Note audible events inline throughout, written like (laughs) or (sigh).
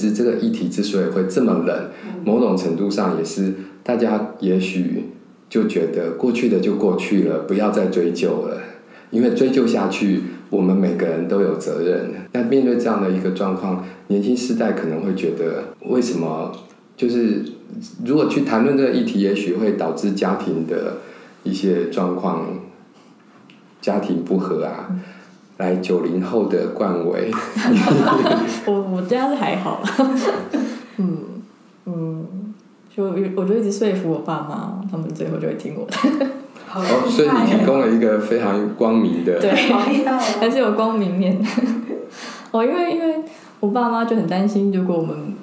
其實這個議題之所以會這麼冷，某種程度上也是大家也許就覺得過去的就過去了，不要再追究了，因為追究下去，我們每個人都有責任。那面對這樣的一個狀況，年輕世代可能會覺得，為什麼就是如果去談論這個議題，也許會導致家庭的一些狀況，家庭不和啊。來九零後的冠瑋 (laughs) ，我我這樣子還好 (laughs) 嗯，嗯嗯，就我就一直說服我爸媽，他們最後就會聽我的。 (laughs) 哦，所以你提供了一個非常光明的，對，好還是有光明面。 (laughs) 哦，因為因為我爸媽就很擔心，如果我們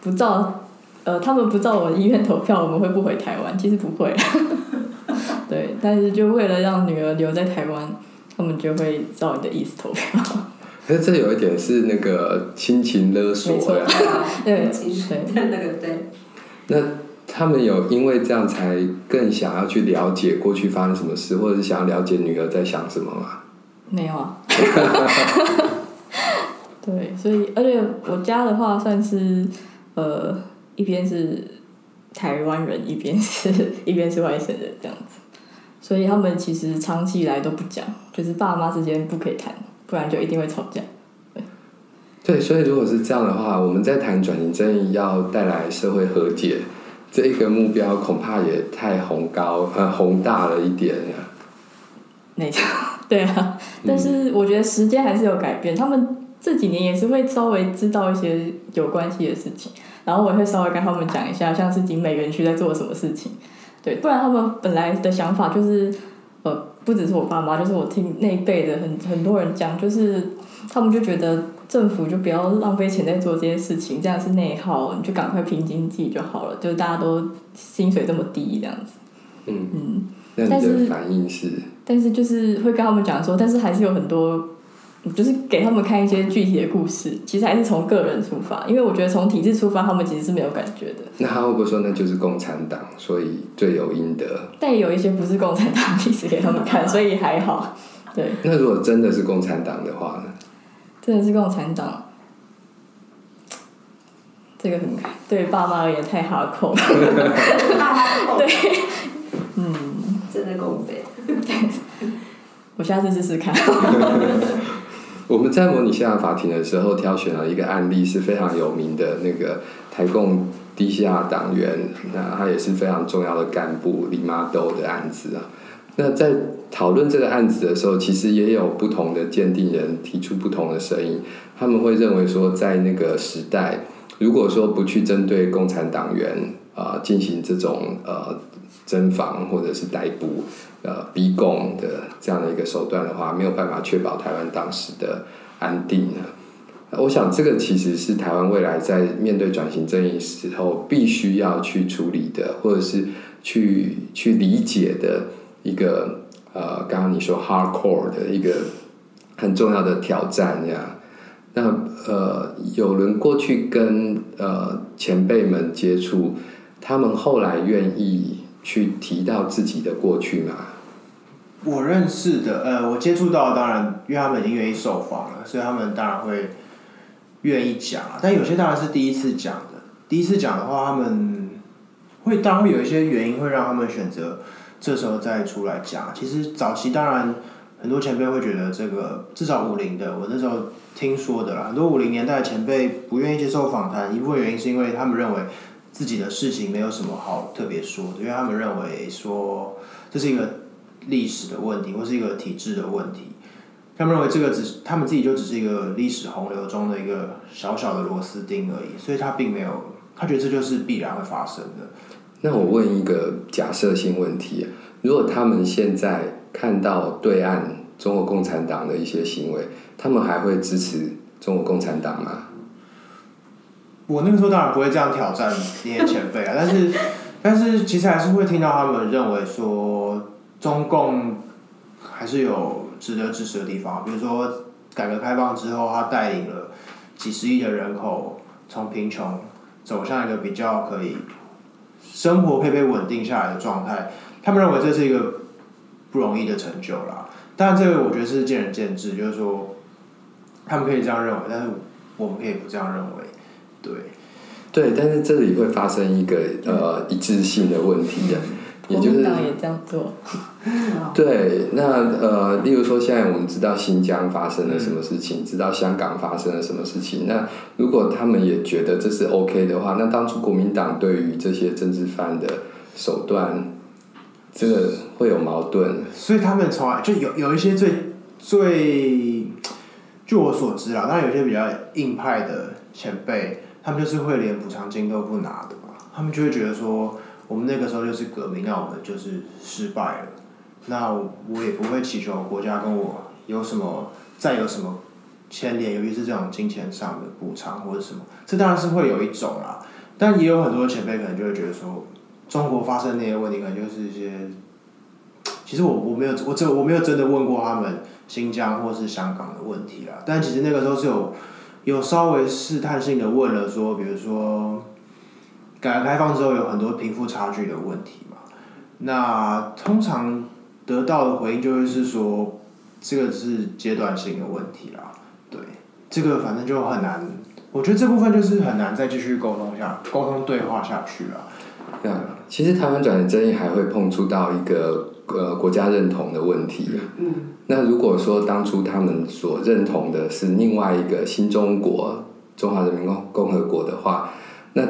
不照呃，他們不照我意願投票，我們會不回台灣，其實不會。 (laughs) 對，但是就為了讓女兒留在台灣。他們就會照你的意思投票。可是這有一點是那個親情勒索呀，對親情，那個對。那他們有因為這樣才更想要去了解過去發生什麼事，或者是想要了解女兒在想什麼嗎？沒有啊。 (laughs) 對，所以而且我家的話算是呃，一邊是台灣人，一邊是一邊是外省人這樣子。所以他們其實長期以來都不講，就是爸媽之間不可以談，不然就一定會吵架。對，對，所以如果是這樣的話，我們在談轉型正義要帶來社會和解這一個目標，恐怕也太宏高呃宏大了一點呀。那 (laughs) 對啊，但是我覺得時間還是有改變，嗯、他們這幾年也是會稍微知道一些有關係的事情，然後我會稍微跟他們講一下，像是景美園區在做什麼事情。對，不然他們本來的想法就是，呃，不只是我爸媽，就是我聽那一輩的很很多人講，就是他們就覺得政府就不要浪費錢在做這些事情，這樣是內耗，你就趕快拼經濟自己就好了，就是大家都薪水這麼低，這樣子。嗯。嗯，那你的反應是？但是就是會跟他們講說，但是還是有很多。我就是給他們看一些具體的故事，其實還是從個人出發，因為我覺得從體制出發，他們其實是沒有感覺的。那他會不會說那就是共產黨，所以罪有應得？但也有一些不是共產黨例子給他們看，所以還好。對，那如果真的是共產黨的話呢？真的是共產黨，這個很，對爸媽而言太哈控了。對，嗯，真的夠悲。 (laughs) 對，我下次試試看。 (laughs) 我們在模擬憲法法庭的時候，挑選了一個案例是非常有名的，那個台共地下黨員，那他也是非常重要的幹部李媽兜的案子啊。那在討論這個案子的時候，其實也有不同的鑑定人提出不同的聲音，他們會認為說，在那個時代，如果說不去針對共產黨員。啊，進行這種呃徵房或者是逮捕、呃逼供的這樣的一個手段的話，沒有辦法確保台灣當時的安定呢。我想這個其實是台灣未來在面對轉型正義時候必須要去處理的，或者是去去理解的一個呃，剛剛你說 hardcore 的一個很重要的挑戰呀。那呃，有人過去跟呃前輩們接觸。他們後來願意去提到自己的過去嗎？我認識的，呃，我接觸到，當然，因為他們已經願意受訪了，所以他們當然會願意講。但有些當然是第一次講的，第一次講的話，他們會當然會有一些原因，會讓他們選擇這時候再出來講。其實早期當然很多前輩會覺得這個，至少五零的，我那時候聽說的啦，很多五零年代的前輩不願意接受訪談，一部分原因是因為他們認為。自己的事情沒有什麼好特別說的，因為他們認為說這是一個歷史的問題，或是一個體制的問題。他們認為這個只是，他們自己就只是一個歷史洪流中的一個小小的螺絲釘而已，所以他並沒有，他覺得這就是必然會發生的。那我問一個假設性問題啊，如果他們現在看到對岸中國共產黨的一些行為，他們還會支持中國共產黨嗎？我那個時候當然不會這樣挑戰那些前輩啊，但是，但是其實還是會聽到他們認為說，中共還是有值得支持的地方啊，比如說改革開放之後，他帶領了幾十億的人口從貧窮走向一個比較可以生活可以穩定下來的狀態，他們認為這是一個不容易的成就啦。當然，這個我覺得是見仁見智，就是說他們可以這樣認為，但是我們可以不這樣認為。對，對，但是這裡會發生一個呃一致性的問題的、啊，也就是國民黨也這樣做。 (laughs) 對，那呃，例如說現在我們知道新疆發生了什麼事情，嗯、知道香港發生了什麼事情，那如果他們也覺得這是 OK 的話，那當初國民黨對於這些政治犯的手段，這個會有矛盾。是所以他們從來就有有一些最最，據我所知啊，當然有些比較硬派的前輩。他們就是會連補償金都不拿的嘛，他們就會覺得說，我們那個時候就是革命啊，那我們就是失敗了，那我也不會祈求國家跟我有什麼再有什麼牽連，尤其是這種金錢上的補償或者什麼，這當然是會有一種啦，但也有很多前輩可能就會覺得說，中國發生那些問題，可能就是一些，其實我我沒有我真我沒有真的問過他們新疆或是香港的問題啦，但其實那個時候是有。有稍微試探性的問了說，比如說，改革開放之後有很多貧富差距的問題嘛？那通常得到的回應就會是說，這個是階段性的問題啦。對，這個反正就很難，我覺得這部分就是很難再繼續溝通下、溝通對話下去了。對、嗯，其實台灣轉型正義還會碰觸到一個。呃，國家認同的問題。那如果說當初他們所認同的是另外一個新中國——中華人民共共和國的話，那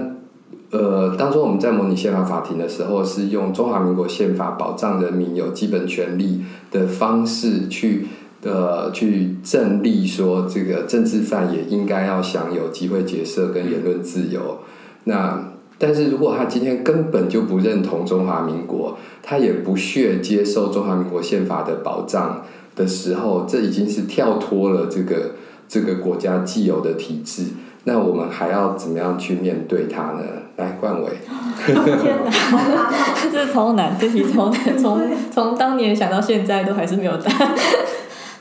呃，當初我們在模擬憲法法庭的時候，是用《中華民國憲法》保障人民有基本權利的方式去，呃，去證立說這個政治犯也應該要享有集會結社跟言論自由。那。但是如果他今天根本就不認同中華民國，他也不屑接受中華民國憲法的保障的時候，這已經是跳脫了這個這個國家既有的體制。那我們還要怎麼樣去面對他呢？來，冠瑋。哦，天哪，這超難，這題超難，從從當年想到現在都還是沒有答案。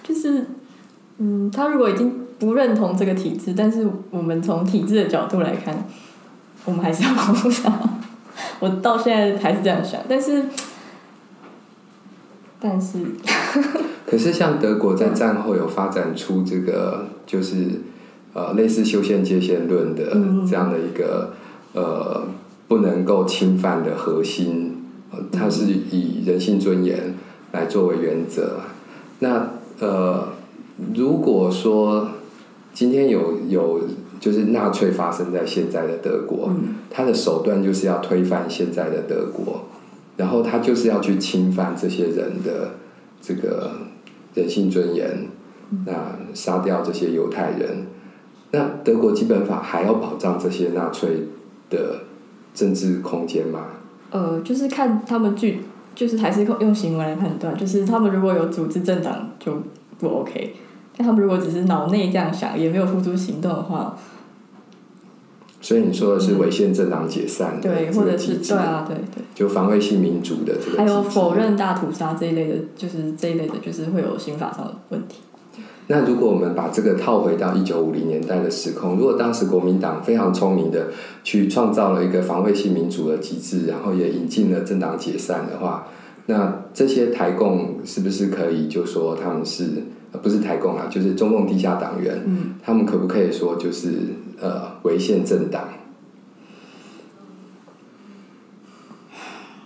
就是，嗯，他如果已經不認同這個體制，但是我們從體制的角度來看。我們還是要保守，我到現在還是這樣想，但是，但是，可是，像德國在戰後有發展出這個，嗯、就是呃類似修憲界線論的嗯嗯這樣的一個呃不能夠侵犯的核心、呃，它是以人性尊嚴來作為原則。那呃，如果說今天有有。就是納粹發生在現在的德國，他的手段就是要推翻現在的德國，然後他就是要去侵犯這些人的這個人性尊嚴，那殺掉這些猶太人。那德國基本法還要保障這些納粹的政治空間嗎？呃，就是看他們具，就是還是用行為來判斷，就是他們如果有組織政黨就不 OK。但他們如果只是腦內這樣想，也沒有付諸行動的話，所以你說的是違憲政黨解散的、嗯，對，或者是對啊，對對，就防衛性民主的這個還有否認大屠殺這一類的，就是這一類的，就是會有刑法上的問題。那如果我們把這個套回到一九五零年代的時空，如果當時國民黨非常聰明的去創造了一個防衛性民主的機制，然後也引進了政黨解散的話，那這些台共是不是可以就說他們是？不是台共啊，就是中共地下黨員，嗯，他們可不可以說就是呃，違憲政黨？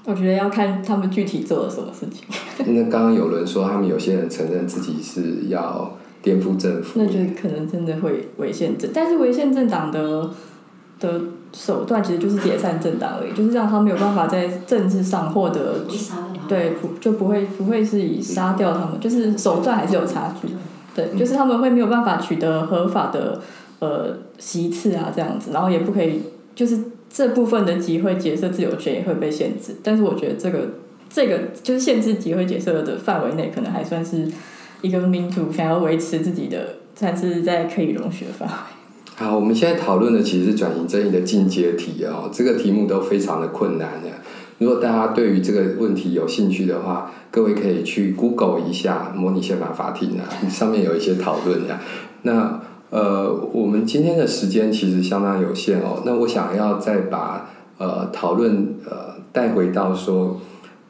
我覺得要看他們具體做了什麼事情。那剛剛有人說，他們有些人承認自己是要顛覆政府，那就可能真的會違憲政，但是違憲政黨的的。的手段其實就是解散政黨而已，就是讓他沒有辦法在政治上獲得。對，就不會不會是以殺掉他們，就是手段還是有差距。對，就是他們會沒有辦法取得合法的呃席次啊，這樣子，然後也不可以，就是這部分的集會、結社自由權也會被限制。但是我覺得這個這個就是限制集會、結社的範圍內，可能還算是一個民主想要維持自己的，才是在可以容許的範圍。好，我們現在討論的其實是轉型正義的進階題哦，這個題目都非常的困難的啊。如果大家對於這個問題有興趣的話，各位可以去 Google 一下模擬憲法法庭啊，上面有一些討論的啊。那呃，我們今天的時間其實相當有限哦，那我想要再把呃討論呃帶回到說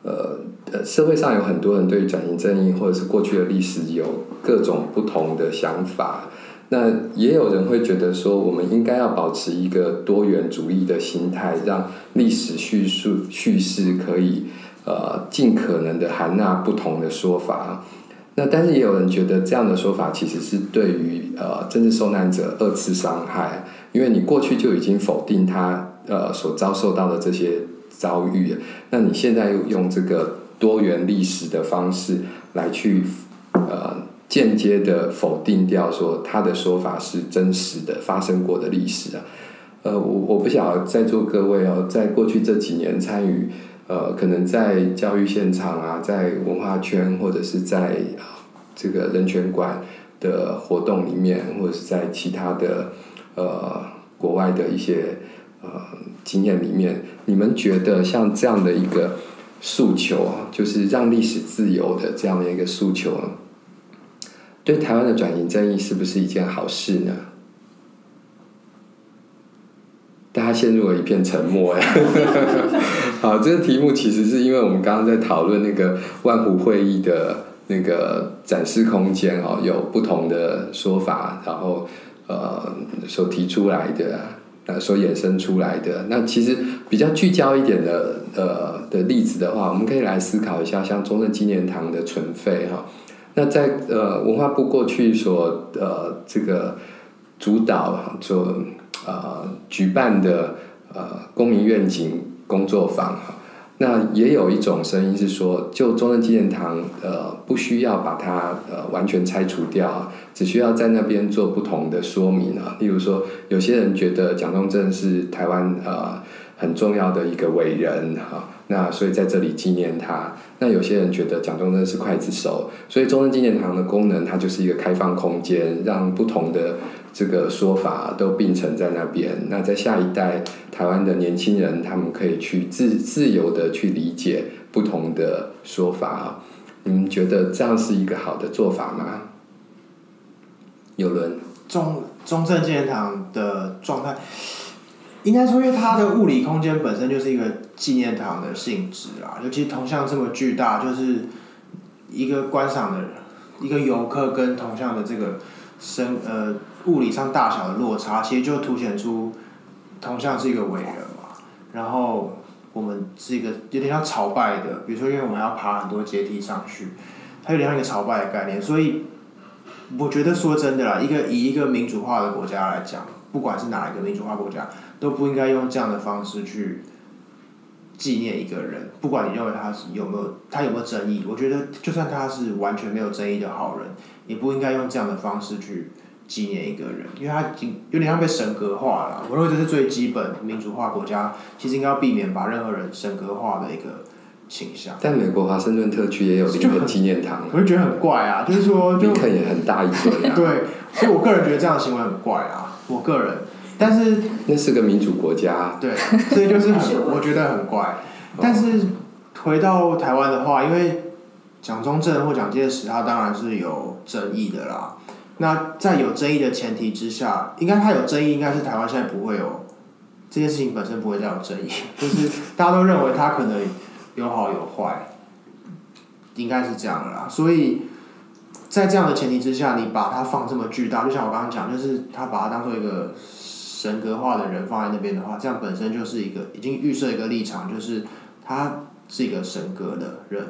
呃呃社會上有很多人對於轉型正義或者是過去的歷史有各種不同的想法。那也有人會覺得說，我們應該要保持一個多元主義的心態，讓歷史敘述敘事可以呃盡可能的含納不同的說法。那但是也有人覺得這樣的說法其實是對於呃政治受難者二次傷害，因為你過去就已經否定他呃所遭受到的這些遭遇，那你現在又用這個多元歷史的方式來去呃。間接的否定掉說他的說法是真實的發生過的歷史啊，呃，我我不曉得在座各位哦，在過去這幾年參與呃，可能在教育現場啊，在文化圈或者是在這個人權館的活動裡面，或者是在其他的呃國外的一些呃經驗裡面，你們覺得像這樣的一個訴求啊，就是讓歷史自由的這樣的一個訴求啊。對台灣的轉型正義是不是一件好事呢？大家陷入了一片沉默呀。 (laughs) (laughs) 好，這個題目其實是因為我們剛剛在討論那個萬湖會議的那個展示空間哦，有不同的說法，然後呃，所提出來的、所衍生出來的。那其實比較聚焦一點的呃的例子的話，我們可以來思考一下，像中正紀念堂的存廢哈、哦。那在呃文化部過去所呃這個主導做呃舉辦的呃公民願景工作坊、哦，那也有一種聲音是說，就中正紀念堂呃不需要把它呃完全拆除掉，只需要在那邊做不同的說明啊、哦。例如說，有些人覺得蔣中正是台灣呃很重要的一個偉人哈。哦那所以在這裡紀念他，那有些人覺得蔣中正是劊子手，所以中正紀念堂的功能，它就是一個開放空間，讓不同的這個說法都並存在那邊。那在下一代台灣的年輕人，他們可以去自自由的去理解不同的說法。你們覺得這樣是一個好的做法嗎？有人中中正紀念堂的狀態，應該說，因為它的物理空間本身就是一個。紀念堂的性質啊，尤其銅像這麼巨大，就是一個觀賞的人，一個遊客跟銅像的這個身，呃物理上大小的落差，其實就凸顯出銅像是一個偉人嘛。然後我們是一個有點像朝拜的，比如說，因為我們要爬很多階梯上去，它有點像一個朝拜的概念。所以我覺得說真的啦，一個以一個民主化的國家來講，不管是哪一個民主化國家，都不應該用這樣的方式去。紀念一個人，不管你認為他是有沒有，他有沒有爭議，我覺得就算他是完全沒有爭議的好人，也不應該用這樣的方式去紀念一個人，因為他已經有點像被神格化了。我認為這是最基本民主化國家，其實應該要避免把任何人神格化的一個形象。但美國華盛頓特區也有一個紀念堂，我就覺得很怪啊， (laughs) 就是說就，就也很大一座，啊，對，所以我個人覺得這樣的行為很怪啊，我個人。但是那是個民主國家啊， (laughs) 對，所以就是很我覺得很怪。 (laughs) 但是回到台灣的話，因為蔣中正或蔣介石，他當然是有爭議的啦。那在有爭議的前提之下，應該他有爭議，應該是台灣現在不會有這些事情本身不會再有爭議，就是大家都認為他可能有好有壞， (laughs) 應該是這樣的啦。所以在這樣的前提之下，你把它放這麼巨大，就像我剛剛講，就是他把它當做一個。神格化的人放在那邊的話，這樣本身就是一個已經預設一個立場，就是他是一個神格的人，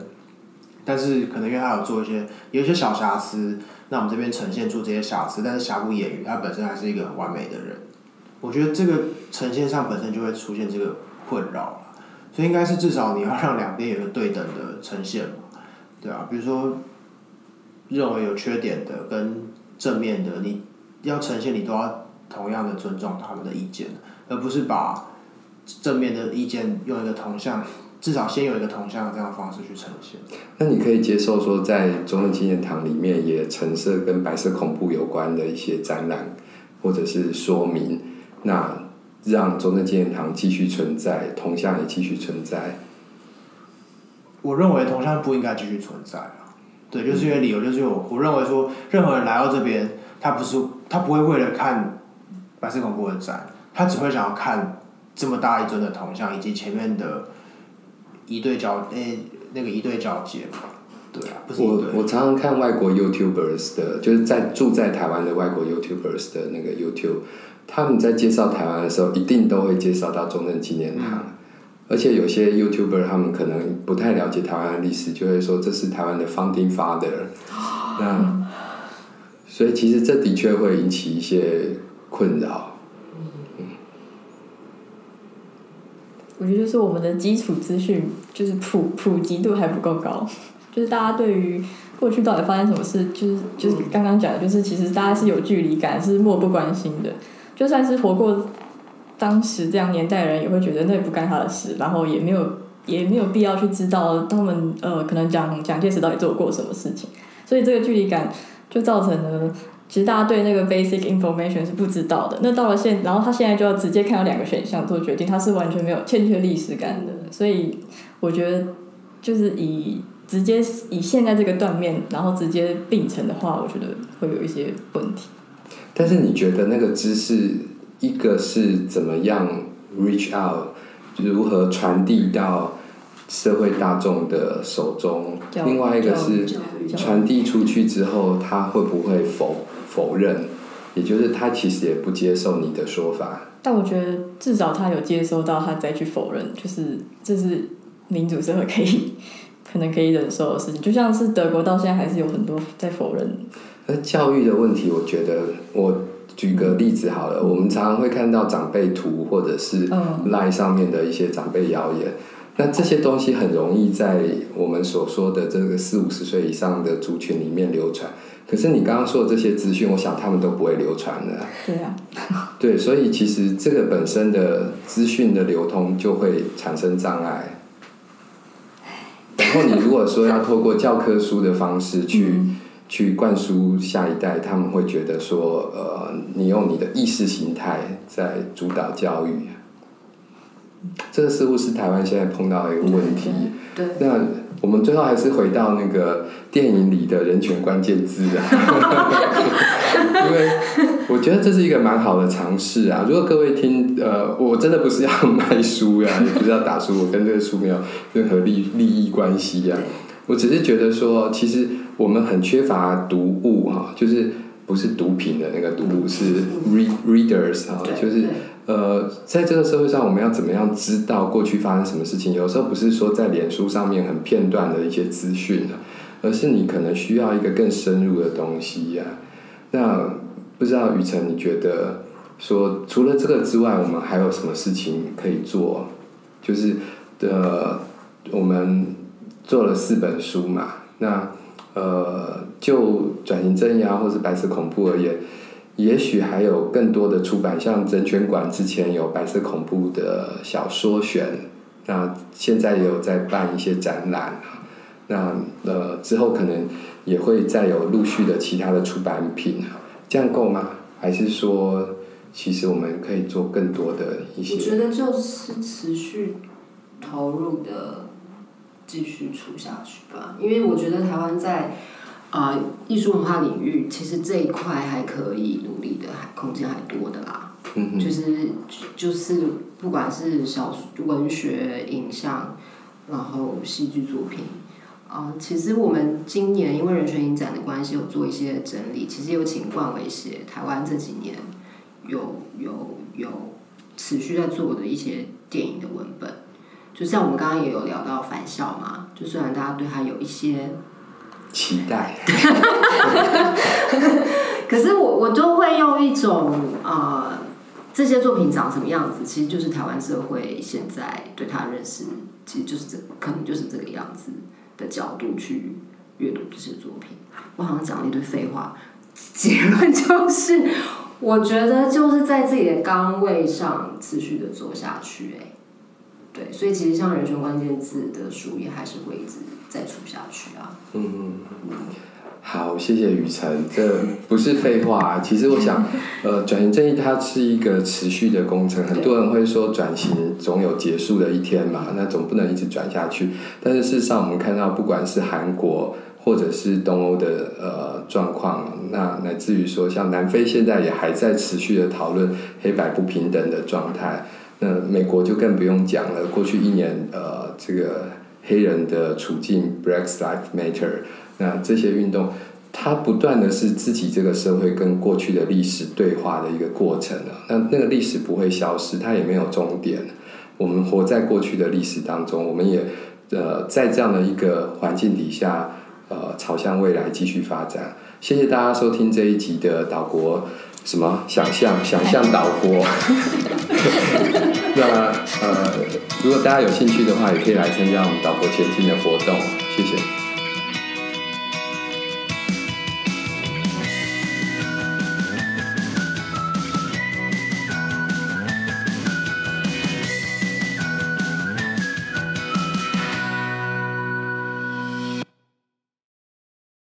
但是可能因為他有做一些有一些小瑕疵，那我們這邊呈現出這些瑕疵，但是瑕不掩瑜，他本身還是一個很完美的人。我覺得這個呈現上本身就會出現這個困擾，所以應該是至少你要讓兩邊有個對等的呈現嘛，對啊，比如說認為有缺點的跟正面的，你要呈現你都要。同樣的尊重他們的意見，而不是把正面的意見用一個銅像，至少先有一個銅像這樣的方式去呈現。那你可以接受說，在中正紀念堂裡面也陳設跟白色恐怖有關的一些展覽或者是說明，那讓中正紀念堂繼續存在，銅像也繼續存在？我認為銅像不應該繼續存在啊，對，就是因為理由、嗯、就是我我認為說，任何人來到這邊，他不是他不會為了看。白色恐怖的展，他只會想要看這麼大一尊的銅像，以及前面的一對交，那、欸、那個一對交接，對啊，不是一對一對，我我常常看外國 YouTubers 的，就是在住在台灣的外國 YouTubers 的那個 YouTube，他們在介紹台灣的時候，一定都會介紹到中正紀念堂，嗯、而且有些 YouTuber 他們可能不太了解台灣的歷史，就會說，這是台灣的 Founding Father，、哦、那所以其實這的確會引起一些。困擾。嗯。我覺得就是我們的基礎資訊就是普普及度還不夠高，就是大家對於過去到底發生什麼事，就是就是剛剛講的，就是其實大家是有距離感，是漠不關心的。就算是活過當時這樣年代的人，也會覺得那也不干他的事，然後也沒有也沒有必要去知道他們呃可能蔣蔣介石到底做過什麼事情，所以這個距離感就造成了。其實大家對那個 basic information 是不知道的。那到了現在，然後他現在就要直接看到兩個選項做決定，他是完全沒有欠缺歷史感的。所以我覺得，就是以直接以現在這個斷面，然後直接併成的話，我覺得會有一些問題。但是你覺得那個知識，一個是怎麼樣 reach out，如何傳遞到社會大眾的手中？教育，另外一個是傳遞出去之後，他會不會否？否認，也就是他其實也不接受你的說法。但我覺得至少他有接收到，他再去否認，就是這是民主社會可以可能可以忍受的事情。就像是德國到現在還是有很多在否認。那教育的問題，我覺得我舉個例子好了。嗯、我們常常會看到長輩圖或者是 LINE 上面的一些長輩謠言，嗯、那這些東西很容易在我們所說的這個四五十歲以上的族群裡面流傳。可是你剛剛說的這些資訊，我想他們都不會流傳的。對啊。對，所以其實這個本身的資訊的流通就會產生障礙。然後你如果說要透過教科書的方式去 (laughs) 去灌輸下一代，他們會覺得說，呃，你用你的意識形態在主導教育。這個似乎是台灣現在碰到一個問題。那我們最後還是回到那個電影裡的人權關鍵字啊， (laughs) 因為我覺得這是一個蠻好的嘗試啊。如果各位聽，呃，我真的不是要賣書呀、啊，也、就、不是要打書，我跟這個書沒有任何利利益關係呀、啊。我只是覺得說，其實我們很缺乏讀物啊，就是不是毒品的那個讀物，嗯、是 re read, readers 啊，就是。呃，在這個社會上，我們要怎麼樣知道過去發生什麼事情？有時候不是說在臉書上面很片段的一些資訊、啊，而是你可能需要一個更深入的東西呀、啊。那不知道雨辰，你覺得說除了這個之外，我們還有什麼事情可以做？就是的、呃，我們做了四本書嘛。那呃，就轉型正義啊，或是白色恐怖而言。也許還有更多的出版，像人權館之前有白色恐怖的小說選，那現在也有在辦一些展覽，那呃之後可能也會再有陸續的其他的出版品，這樣夠嗎？還是說其實我們可以做更多的一些？我覺得就是持續投入的繼續出下去吧，因為我覺得台灣在。啊，藝術、uh, 文化領域其實這一塊還可以努力的，還空間還多的啦。嗯、哼就是就是，不管是小說、文學、影像，然後戲劇作品，啊、uh,，其實我們今年因為人權影展的關係，有做一些整理。其實有請冠瑋寫台灣這幾年有有有，有持續在做的一些電影的文本。就像我們剛剛也有聊到返校嘛，就雖然大家對他有一些。期待，可是我我都會用一種呃，這些作品長什麼樣子，其實就是台灣社會現在對他認識，其實就是這可能就是這個樣子的角度去閱讀這些作品。我好像講了一堆廢話，結論就是，我覺得就是在自己的崗位上持續的做下去、欸。哎。對，所以其實像人生關鍵字的書也還是會一直再出下去啊。嗯嗯嗯，好，謝謝雨辰，這不是廢話啊。其實我想，呃，轉型正義它是一個持續的工程，對很多人會說轉型總有結束的一天嘛，那總不能一直轉下去。但是事實上，我們看到不管是韓國或者是東歐的呃狀況，那乃至於說像南非現在也還在持續的討論黑白不平等的狀態。那美國就更不用講了，過去一年，呃，這個黑人的處境 （Black Lives Matter），那這些運動，它不斷的是自己這個社會跟過去的歷史對話的一個過程，那那個歷史不會消失，它也沒有終點。我們活在過去的歷史當中，我們也呃，在這樣的一個環境底下，呃，朝向未來繼續發展。謝謝大家收聽這一集的島國什麼想象？想象島國。 (laughs) 那、啊、呃，如果大家有興趣的話，也可以來參加我們島國前進的活動，謝謝。